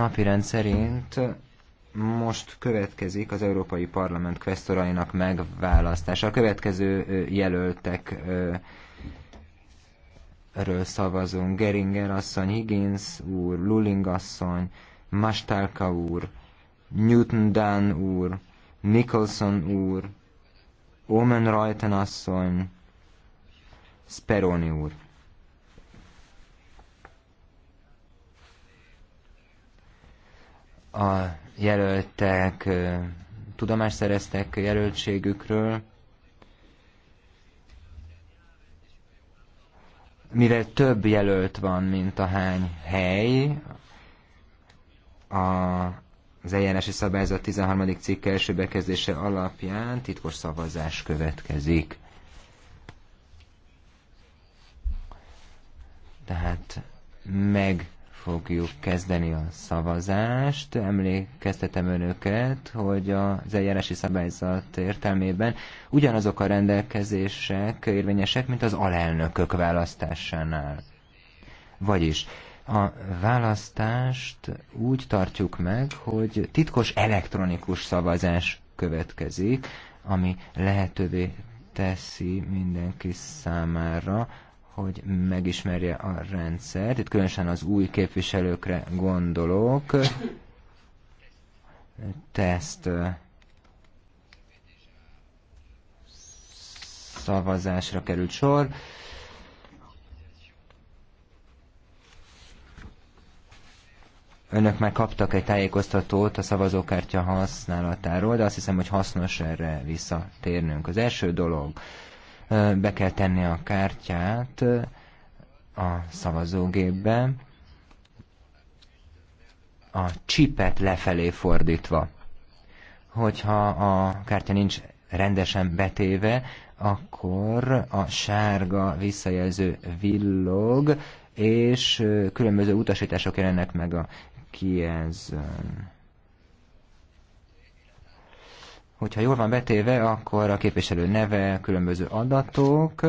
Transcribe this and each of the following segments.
A rend szerint most következik az Európai Parlament kvesztorainak megválasztása. A következő jelöltek erről szavazunk. Geringer asszony, Higgins úr, Luling asszony, Mastalka úr, Newton Dan úr, Nicholson úr, Omen Reuten asszony, Speroni úr. a jelöltek tudomást szereztek jelöltségükről, mivel több jelölt van, mint a hány hely, a, az eljárási szabályzat 13. cikk első bekezdése alapján titkos szavazás következik. Tehát meg fogjuk kezdeni a szavazást. Emlékeztetem önöket, hogy az eljárási szabályzat értelmében ugyanazok a rendelkezések érvényesek, mint az alelnökök választásánál. Vagyis a választást úgy tartjuk meg, hogy titkos elektronikus szavazás következik, ami lehetővé teszi mindenki számára hogy megismerje a rendszert. Itt különösen az új képviselőkre gondolok. Teszt szavazásra került sor. Önök már kaptak egy tájékoztatót a szavazókártya használatáról, de azt hiszem, hogy hasznos erre visszatérnünk. Az első dolog, be kell tenni a kártyát a szavazógépbe, a csipet lefelé fordítva. Hogyha a kártya nincs rendesen betéve, akkor a sárga visszajelző villog, és különböző utasítások jelennek meg a kijelzőn hogyha jól van betéve, akkor a képviselő neve, különböző adatok,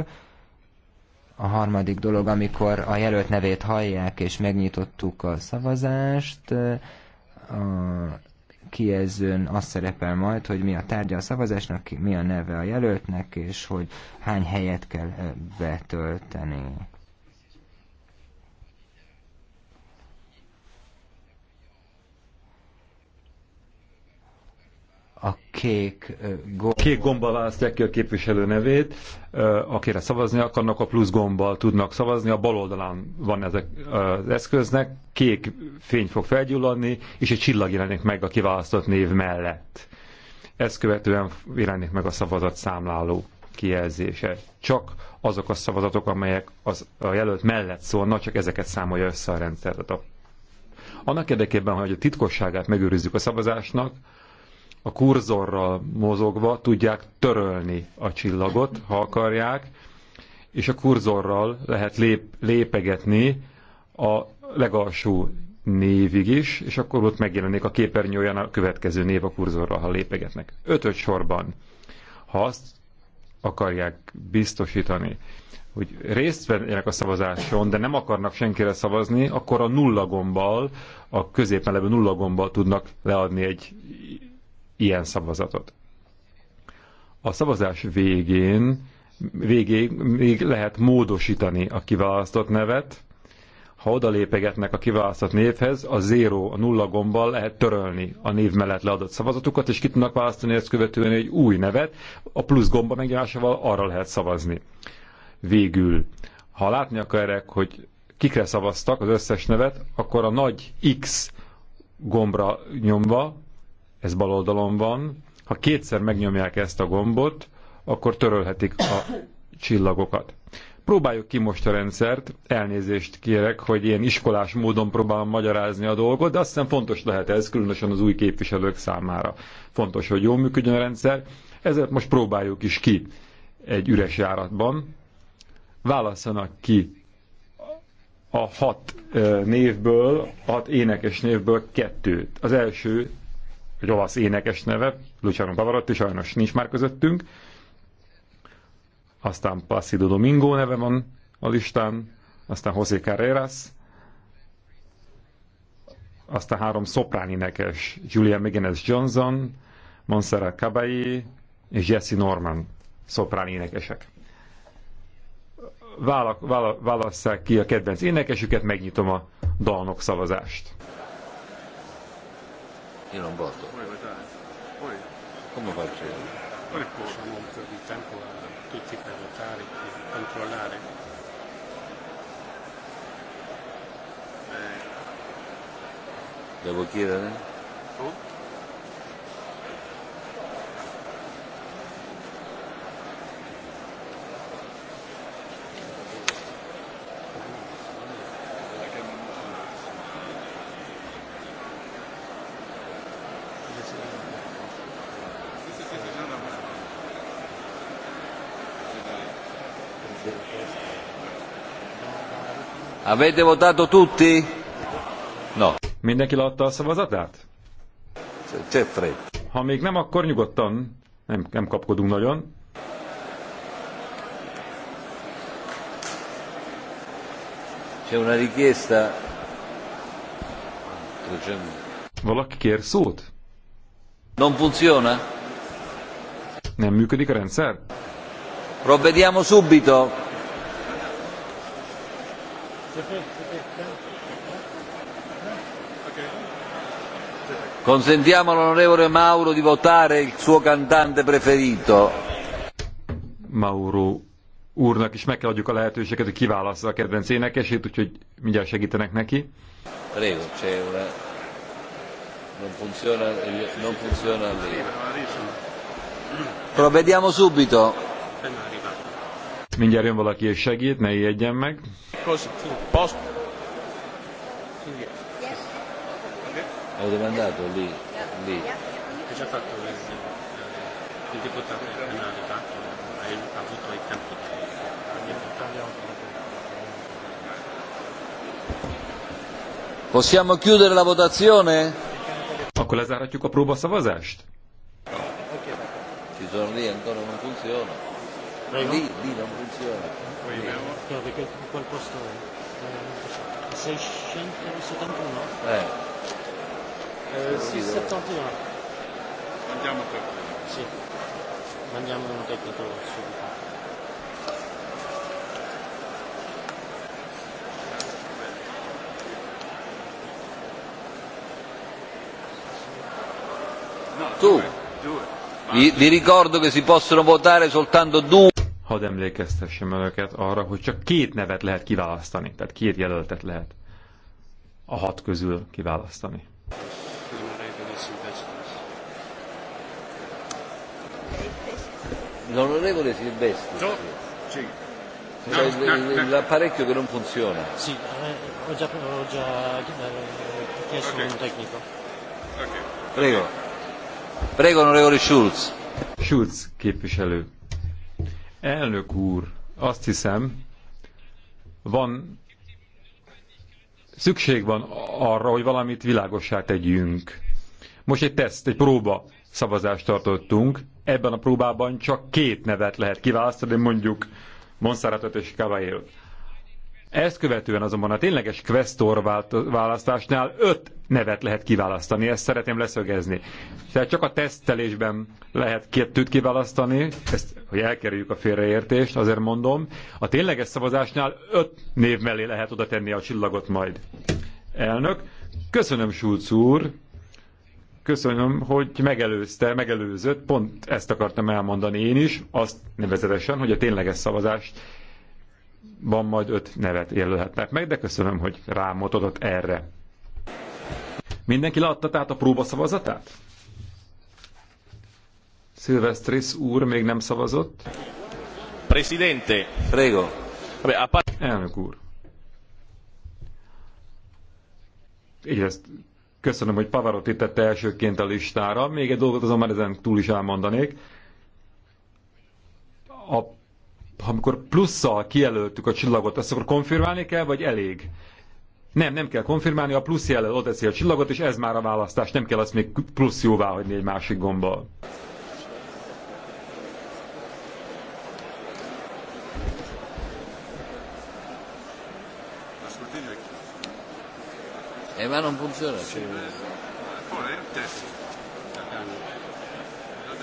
a harmadik dolog, amikor a jelölt nevét hallják, és megnyitottuk a szavazást, a kijelzőn azt szerepel majd, hogy mi a tárgya a szavazásnak, mi a neve a jelöltnek, és hogy hány helyet kell betölteni. a kék gomb... Kék gombbal választják ki a képviselő nevét, akire szavazni akarnak, a plusz gombbal tudnak szavazni, a bal oldalán van ezek az eszköznek, kék fény fog felgyulladni, és egy csillag jelenik meg a kiválasztott név mellett. Ezt követően jelenik meg a szavazat számláló kijelzése. Csak azok a szavazatok, amelyek az, a jelölt mellett szólnak, csak ezeket számolja össze a rendszer. Annak érdekében, hogy a titkosságát megőrizzük a szavazásnak, a kurzorral mozogva tudják törölni a csillagot, ha akarják, és a kurzorral lehet lép, lépegetni a legalsó névig is, és akkor ott megjelenik a képernyő olyan a következő név a kurzorral, ha lépegetnek. Ötöt sorban, ha azt akarják biztosítani, hogy részt vennének a szavazáson, de nem akarnak senkire szavazni, akkor a nulla gombbal, a középen levő nulla gombbal tudnak leadni egy ilyen szavazatot. A szavazás végén végéig még lehet módosítani a kiválasztott nevet. Ha odalépegetnek a kiválasztott névhez, a zéro, a nulla gombbal lehet törölni a név mellett leadott szavazatukat, és ki tudnak választani ezt követően egy új nevet, a plusz gomba megnyomásával arra lehet szavazni. Végül, ha látni akarják, hogy kikre szavaztak az összes nevet, akkor a nagy X gombra nyomva ez bal oldalon van, ha kétszer megnyomják ezt a gombot, akkor törölhetik a csillagokat. Próbáljuk ki most a rendszert, elnézést kérek, hogy én iskolás módon próbálom magyarázni a dolgot, de azt hiszem fontos lehet ez, különösen az új képviselők számára. Fontos, hogy jól működjön a rendszer, ezért most próbáljuk is ki egy üres járatban. Válasszanak ki a hat eh, névből, a hat énekes névből kettőt. Az első egy olasz énekes neve, Luciano Pavarotti, sajnos nincs már közöttünk. Aztán Placido Domingo neve van a listán, aztán José Carreras, aztán három szoprán énekes, Julia McGinnis Johnson, Montserrat Caballé és Jesse Norman szoprán énekesek. válasszák ki a kedvenc énekesüket, megnyitom a dalnok szavazást. Io non voto. Poi votare. hogy Come faccio io? hogy un po' di tempo a tutti per votare, per controllare. Devo chiedere? Oh? Avete votato tutti? No. Mindenki leadta a szavazatát? C'è Ha még nem, akkor nyugodtan. Nem, nem kapkodunk nagyon. C'è una richiesta. Valaki kér szót? Non funziona? Nem működik a rendszer? Provvediamo subito. Consentiamo all'onorevole Mauro di votare il suo cantante preferito. Mauro úrnak is meg kell adjuk a lehetőséget, hogy kiválassza a kedvenc énekesét, úgyhogy mindjárt segítenek neki. Prego, c'è una... Non funziona, non funziona lì. Provvediamo subito. Mindjárt jön valaki és segít, ne ijedjen meg. Eh, Possiamo chiudere la votazione? Akkor lezárhatjuk a próbaszavazást? Ci sono lì, ancora non funziona. Prego. Lì, lì non funziona. Proviamo. Dove, quel posto è? 671? Eh. eh 671. Mandiamo per Sì. Mandiamo un tecnico subito. Tu, vi ricordo che si possono votare soltanto due. Hadd emlékeztessem önöket arra, hogy csak két nevet lehet kiválasztani, tehát két jelöltet lehet a hat közül kiválasztani. L'onorevole Silvestri. No, sì. Cioè, no, no, l'apparecchio che non funziona. Sì, eh, ho già, ho già eh, chiesto okay. un tecnico. Okay. Prego. Prego, onorevole Schulz. Schulz, képviselő. Elnök úr, azt hiszem, van szükség van arra, hogy valamit világossá tegyünk. Most egy teszt, egy próba szavazást tartottunk. Ebben a próbában csak két nevet lehet kiválasztani, mondjuk Monszáratot és Kavail. Ezt követően azonban a tényleges questor választásnál öt nevet lehet kiválasztani, ezt szeretném leszögezni. Tehát csak a tesztelésben lehet kettőt kiválasztani, ezt, hogy elkerüljük a félreértést, azért mondom. A tényleges szavazásnál öt név mellé lehet oda tenni a csillagot majd. Elnök, köszönöm Schulz úr, köszönöm, hogy megelőzte, megelőzött, pont ezt akartam elmondani én is, azt nevezetesen, hogy a tényleges szavazást van majd öt nevet jelölhetnek meg, de köszönöm, hogy rámutatott erre. Mindenki leadta tehát a próbaszavazatát? Szilvesztris úr még nem szavazott. Presidente. Prego. Elnök úr. ezt köszönöm, hogy Pavarotti tette elsőként a listára. Még egy dolgot már ezen túl is elmondanék. A, amikor plusszal kijelöltük a csillagot, ezt akkor konfirmálni kell, vagy elég? Nem, nem kell konfirmálni, a plusz jellel odeszi a csillagot, és ez már a választás, nem kell azt még plusz jóvá hagyni egy másik gombbal. E ma non funziona. Sì, Dobbiamo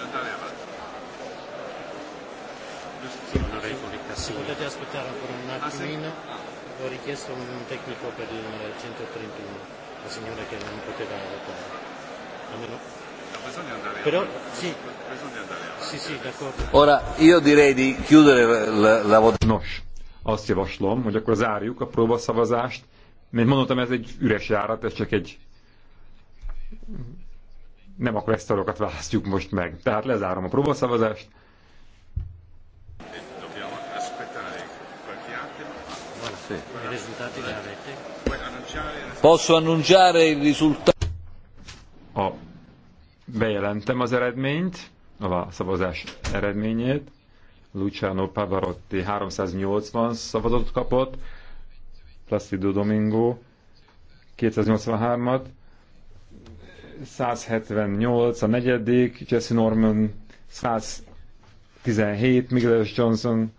andare avanti. Potete aspettare ancora un attimino. Ah, sì. Ho richiesto un tecnico per il 131, la signora che non poteva votare. Almeno... Però, sì. Sì, sì, d'accordo. Ora, io direi di chiudere la, la votazione. Nos, azt javaslom, hogy akkor zárjuk a próbaszavazást. mert mondottam, ez egy üres járat, ez csak egy... Nem a questorokat választjuk most meg. Tehát lezárom a próbaszavazást. Posso annunciare il risultato? A, bejelentem az eredményt, a szavazás eredményét. Luciano Pavarotti 380 szavazatot kapott, Placido Domingo 283-at, 178 a negyedik, Jesse Norman 117, Miguel Johnson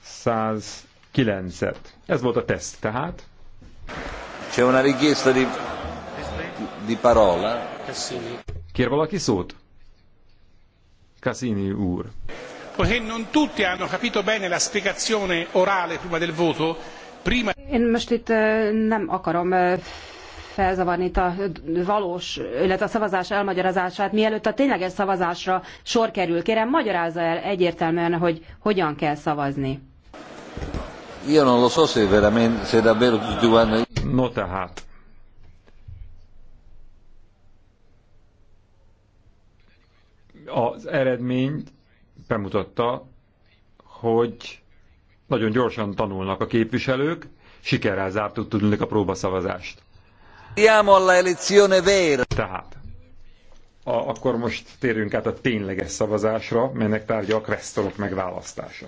100 9-et. Ez volt a teszt tehát. C'è una richiesta di, di parola. Kér valaki szót? Cassini úr. Poiché non tutti hanno capito bene la spiegazione orale prima del voto, prima... Én most itt eh, nem akarom eh, felzavarni itt a eh, valós, illetve a szavazás elmagyarázását, mielőtt a tényleges szavazásra sor kerül. Kérem, magyarázza el egyértelműen, hogy hogyan kell szavazni. Io non lo so se veramente, se davvero tutti No tehát. Az eredmény bemutatta, hogy nagyon gyorsan tanulnak a képviselők, sikerrel zártuk tudni a próbaszavazást. Tehát, a, akkor most térjünk át a tényleges szavazásra, melynek tárgya a kresztorok megválasztása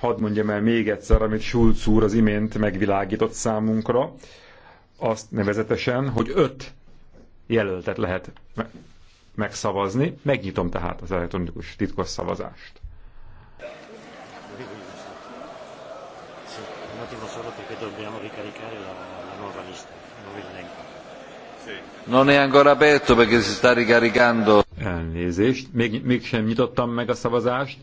hadd mondjam el még egyszer, amit Schulz úr az imént megvilágított számunkra, azt nevezetesen, hogy öt jelöltet lehet megszavazni. Megnyitom tehát az elektronikus titkos szavazást. Non è ancora aperto perché si sta ricaricando. Elnézést, még, még sem nyitottam meg a szavazást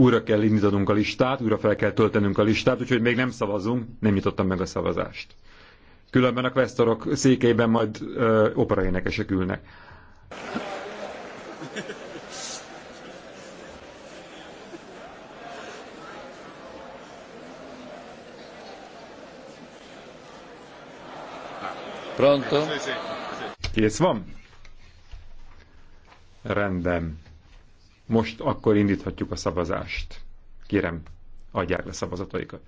újra kell indítanunk a listát, újra fel kell töltenünk a listát, úgyhogy még nem szavazunk, nem nyitottam meg a szavazást. Különben a questorok székeiben majd ö, operaénekesek ülnek. Pronto? Kész van? Rendben. Most akkor indíthatjuk a szavazást. Kérem, adják le szavazataikat.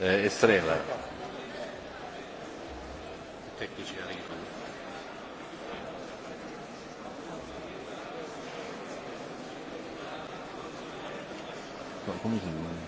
Estrella. Tecnici arrivano. Come si chiama?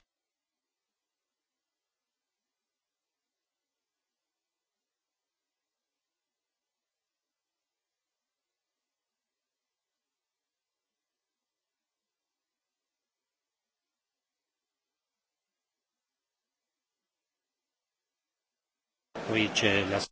which uh, last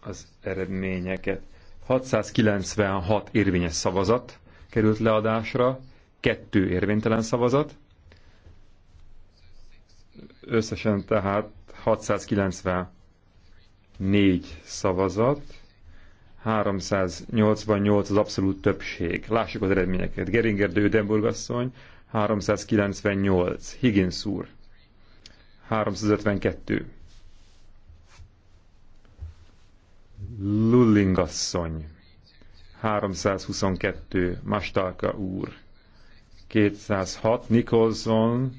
az eredményeket. 696 érvényes szavazat került leadásra, kettő érvénytelen szavazat, összesen tehát 694 szavazat, 388 az abszolút többség. Lássuk az eredményeket. Geringer Dödenburg asszony, 398. Higgins úr, 352. Lullingasszony, 322, Mastalka úr, 206, Nicholson,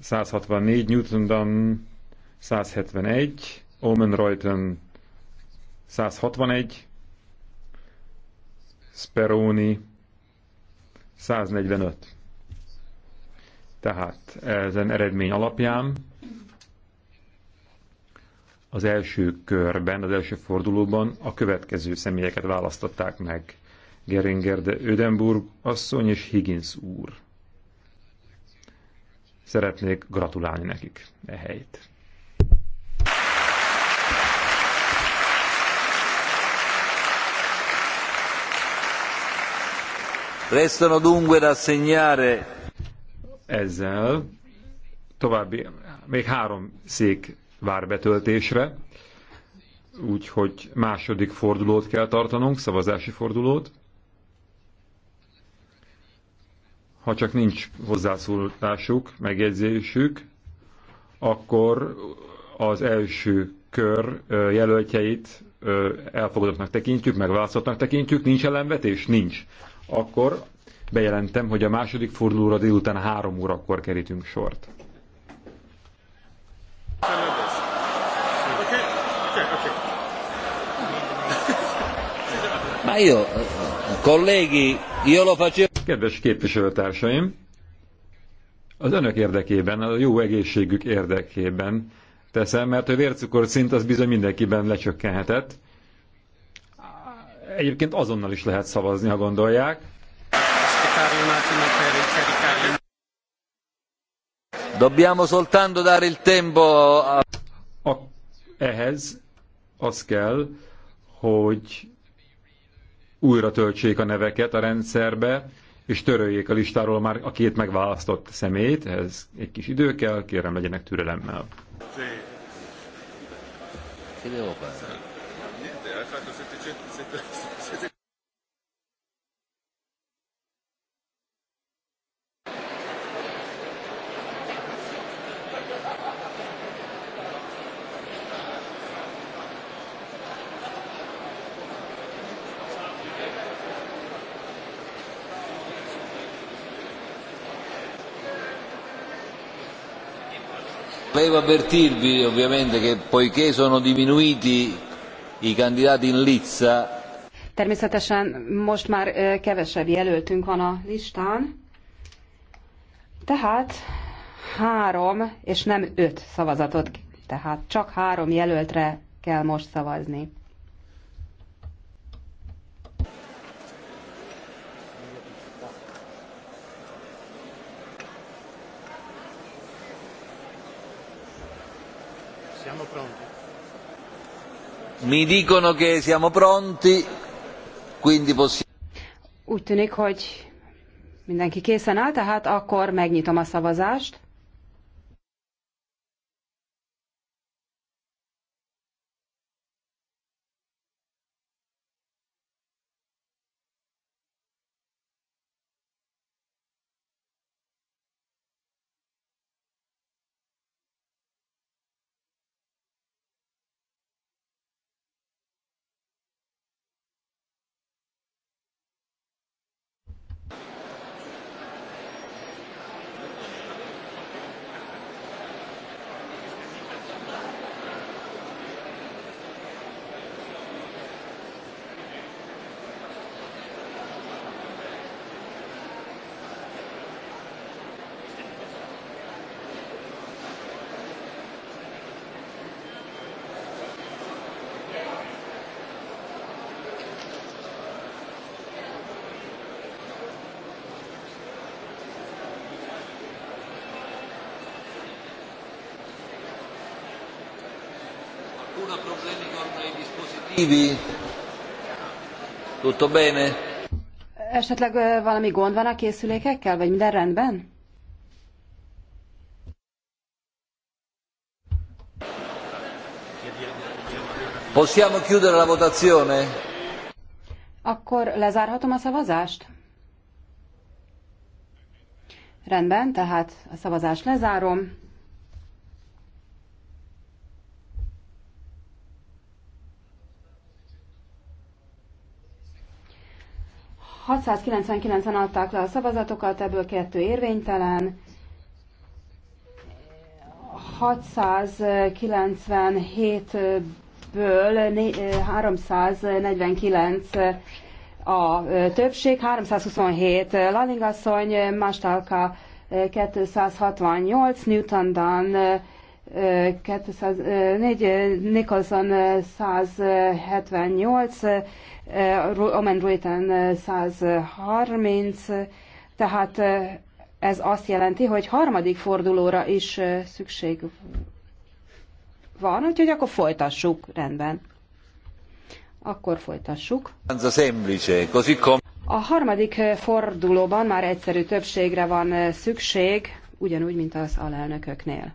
164, Newton 171, Omen Reuten 161, Speroni 145. Tehát ezen eredmény alapján az első körben, az első fordulóban a következő személyeket választották meg. Geringer de Ödenburg asszony és Higgins úr. Szeretnék gratulálni nekik e helyt. Restano dunque da segnare. Ezzel további még három szék vár betöltésre, úgyhogy második fordulót kell tartanunk, szavazási fordulót. Ha csak nincs hozzászólásuk, megjegyzésük, akkor az első kör jelöltjeit elfogadottnak tekintjük, megválasztottnak tekintjük, nincs ellenvetés? Nincs. Akkor bejelentem, hogy a második fordulóra délután három órakor kerítünk sort. Ma io, colleghi, io lo facevo... Kedves képviselőtársaim, az önök érdekében, a jó egészségük érdekében teszem, mert a vércukor szint az bizony mindenkiben lecsökkenhetett. Egyébként azonnal is lehet szavazni, ha gondolják. Dobbiamo soltanto dare il tempo a ehhez az kell, hogy újra töltsék a neveket a rendszerbe, és töröljék a listáról már a két megválasztott szemét. Ez egy kis idő kell, kérem legyenek türelemmel. Köszönöm. Volevo avvertirvi ovviamente che poiché sono diminuiti i candidati in lizza. Természetesen most már kevesebb jelöltünk van a listán. Tehát három és nem öt szavazatot, tehát csak három jelöltre kell most szavazni. Úgy tűnik, hogy mindenki készen áll, tehát akkor megnyitom a szavazást. nessuno problemi con i dispositivi? Tutto bene? Esetleg valami gond van a készülékekkel, vagy minden rendben? Possiamo chiudere la votazione? Akkor lezárhatom a szavazást? Rendben, tehát a szavazást lezárom. 699-en adták le a szavazatokat, ebből kettő érvénytelen, 697-ből 349 a többség, 327 Lalingasszony, Mastalka 268, Newton Dunn 204, Nicholson 178, Omen Ruiten 130, tehát ez azt jelenti, hogy harmadik fordulóra is szükség van, úgyhogy akkor folytassuk, rendben. Akkor folytassuk. A harmadik fordulóban már egyszerű többségre van szükség, ugyanúgy, mint az alelnököknél.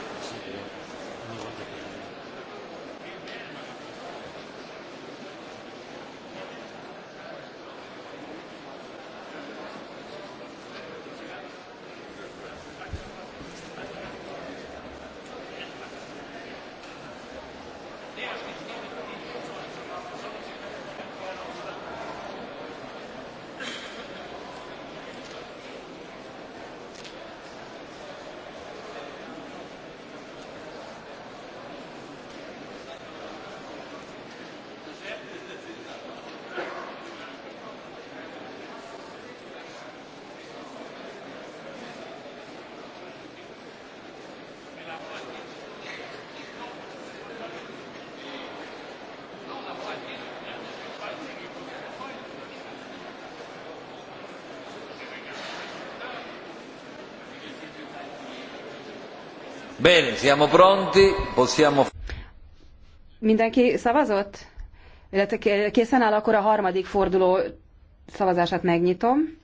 Mindenki szavazott? Illetve készen áll, akkor a harmadik forduló szavazását megnyitom.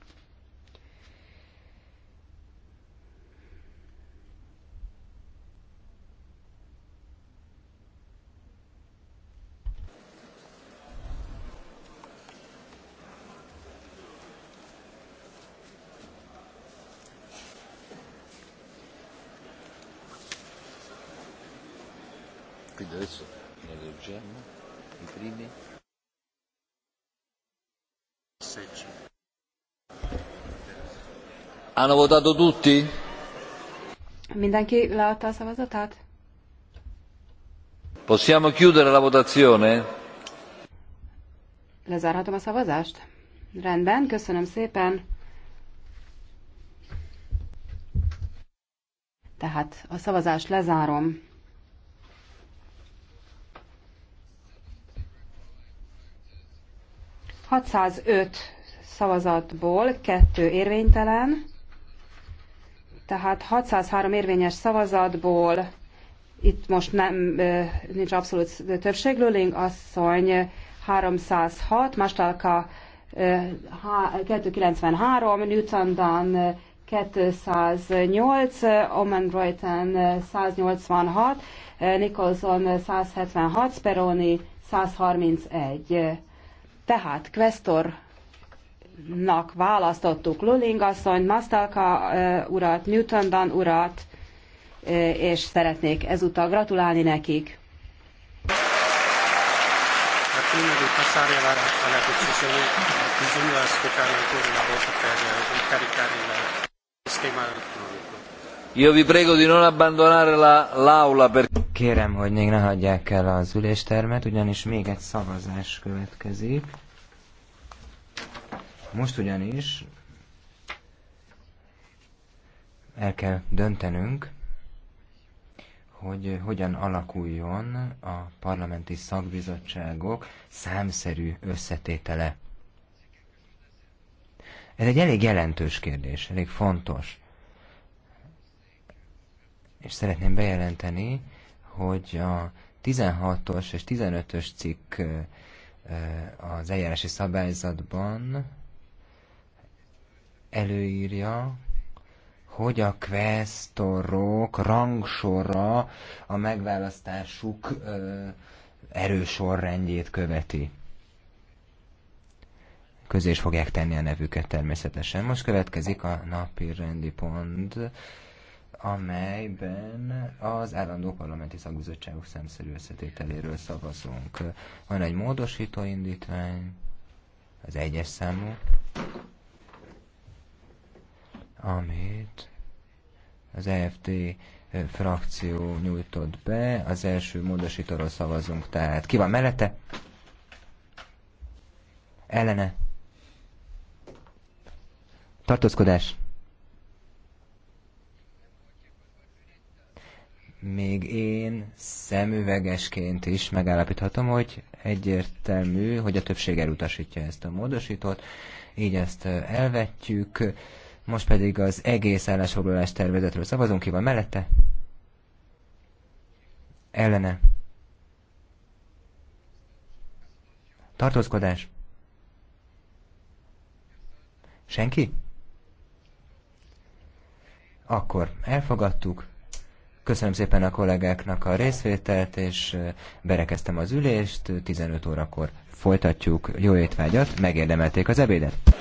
Hanno votato tutti? Mindenki leadta a szavazatát? Possiamo chiudere la votazione? Lezárhatom a szavazást? Rendben, köszönöm szépen. Tehát a szavazást lezárom. Hatszázöt szavazatból kettő érvénytelen, tehát 603 érvényes szavazatból itt most nem, nincs abszolút többség. Lőling asszony 306, Mastalka 293, Newton Dan 208, Omen Reuten 186, Nicholson 176, Speroni 131. Tehát, Questor Nak választottuk Luling asszonyt, Mastalka urat, Newton Dan urat, és szeretnék ezúttal gratulálni nekik. Io vi prego di non abbandonare la, l'aula per... Kérem, hogy még ne hagyják el az üléstermet, ugyanis még egy szavazás következik. Most ugyanis el kell döntenünk, hogy hogyan alakuljon a parlamenti szakbizottságok számszerű összetétele. Ez egy elég jelentős kérdés, elég fontos. És szeretném bejelenteni, hogy a 16-os és 15-ös cikk az eljárási szabályzatban előírja, hogy a questorok rangsora a megválasztásuk erősorrendjét követi. Közé is fogják tenni a nevüket természetesen. Most következik a napi rendi pont, amelyben az állandó parlamenti szakbizottságok szemszerű összetételéről szavazunk. Van egy módosító indítvány, az egyes számú amit az EFT eh, frakció nyújtott be. Az első módosítóról szavazunk, tehát ki van mellette? Ellene? Tartózkodás? Még én szemüvegesként is megállapíthatom, hogy egyértelmű, hogy a többség elutasítja ezt a módosítót, így ezt eh, elvetjük. Most pedig az egész állásfoglalás tervezetről szavazunk, ki van mellette? Ellene. Tartózkodás. Senki? Akkor elfogadtuk. Köszönöm szépen a kollégáknak a részvételt, és berekeztem az ülést, 15 órakor folytatjuk. Jó étvágyat, megérdemelték az ebédet!